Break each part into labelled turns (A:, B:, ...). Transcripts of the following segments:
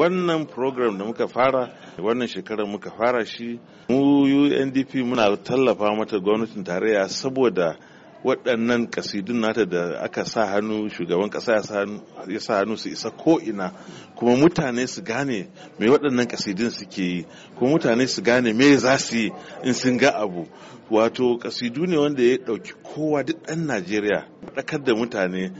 A: wannan program da muka fara wannan shekarar muka fara shi mu UNDP muna tallafa mata gwamnatin tarayya saboda waɗannan kasidun nata da aka sa hannu shugaban ƙasa ya sa hannu su isa ko'ina kuma mutane su gane mai waɗannan kasidun suke yi kuma mutane su gane me za su yi in sun ga abu wato kasidu ne wanda ya ɗauki kowa duk ɗan najeriya ɗakar da mutane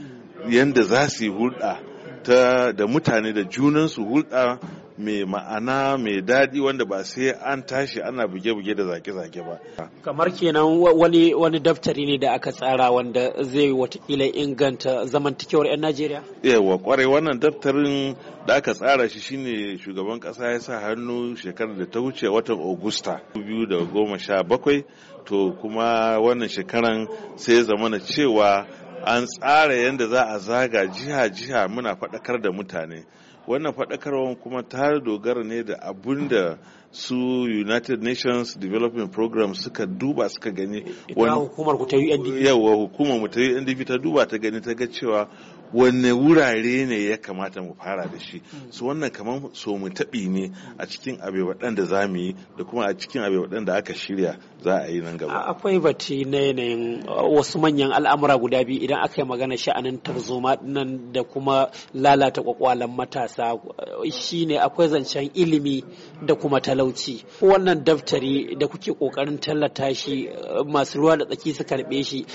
A: yadda za su yi hulɗa ta da mutane da junansu hulɗa mai ma'ana mai daɗi wanda ba sai an tashi ana buge-buge da zake-zake ba.
B: Kamar kenan wani wani daftari ne da aka tsara wanda zai watakila inganta zamantakewar 'yan Najeriya?
A: Yawa kwarai wannan daftarin da aka tsara shi shine shugaban ƙasa ya sa hannu shekarar da ta wuce watan Ogusta 2017 to kuma wannan shekaran sai ya zamana cewa an tsara yadda za a zaga jiha-jiha muna faɗakar da mutane wannan faɗakarwa kuma ta dogara ne da abun da su united nations development program suka duba suka gani hukumar mu ta UNDP yawa hukumar mu ta UNDP ta duba ta gani ta ga cewa wanne wurare ne ya kamata mu fara da shi hmm. su wannan kamar so mu taɓi ne a cikin abe waɗanda za mu yi da kuma a cikin abe waɗanda aka shirya za a yi nan gaba
B: akwai bati na yanayin uh, wasu manyan al'amura guda biyu idan aka yi magana sha'anin tarzoma nan da kuma lalata kwakwalan matasa uh, shine akwai zancen ilimi da kuma talauci wannan daftari da kuke kokarin tallata shi eh, masu ruwa da tsaki su karbe shi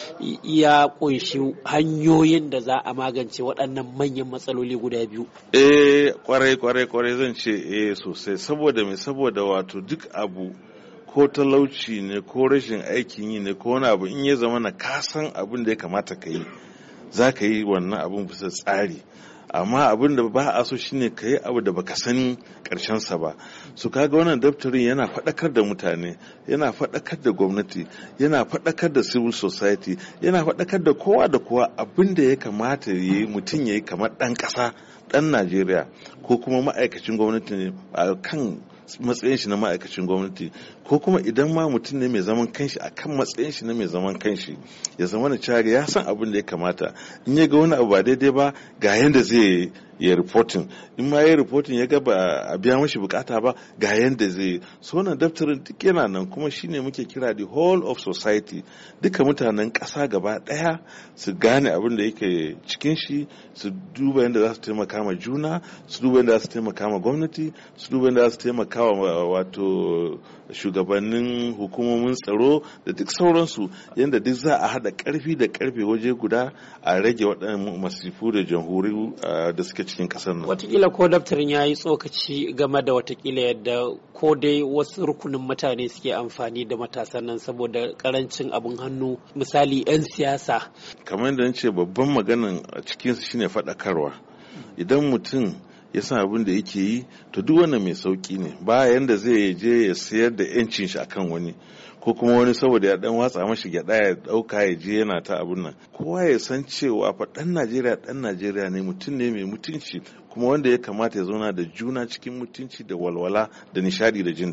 B: ya kunshi hanyoyin da za a magance waɗannan manyan matsaloli guda biyu
A: eh kwarai kwarai kwarai zan ce eh sosai saboda mai saboda wato duk abu ko talauci ne ko rashin aikin yi ne ko wani abu in ya zama na kasan abin da ya kamata ka yi za ka yi wannan abin bisa tsari amma abin da ba a so shine ka yi abu da baka sani karshen sa ba su kaga wannan daftarin yana faɗakar da mutane yana faɗakar da gwamnati yana faɗakar da civil society yana faɗakar da kowa da kowa abin da ya kamata yi mutum ya yi kamar ɗan ƙasa ɗan Najeriya ko kuma ma'aikacin gwamnati ne a kan matsayin shi na ma'aikacin gwamnati ko kuma idan ma mutum ne mai zaman kanshi a kan matsayin shi na mai zaman kanshi ya zama na cari ya san abin da ya kamata in ya ga wani abu ba daidai ba ga yadda zai ya reporting in ma ya reporting ya ga ba a biya mashi bukata ba ga yanda zai so na daftarin duk yana nan kuma shine muke kira the whole of society duka mutanen ƙasa gaba ɗaya su gane abin da yake cikin shi su duba yadda za su taimaka ma juna su duba yadda za su taimaka ma gwamnati su duba yadda za su taimaka wa wato shugabannin hukumomin tsaro da duk sauransu yadda duk za a haɗa ƙarfi da ƙarfe waje guda a rage waɗannan masifu da jamhuri da suke cikin kasar nan
B: watakila ko daftarin ya yi tsokaci game da watakila yadda ko dai wasu rukunin mutane suke amfani da matasan nan saboda karancin abin hannu misali 'yan siyasa
A: kamar yadda ce babban maganan a cikinsu shine faɗakarwa idan mutum ya san abin da yake yi to duk wannan mai sauki ne bayan da zai je ya sayar da yancin shi akan wani ko kuma wani saboda ya dan watsa mashi gyada ya dauka ya je yana ta abun nan kowa ya san cewa fa dan Najeriya dan Najeriya ne mutum ne mai mutunci kuma wanda ya kamata ya zauna da juna cikin mutunci da walwala da nishadi da jin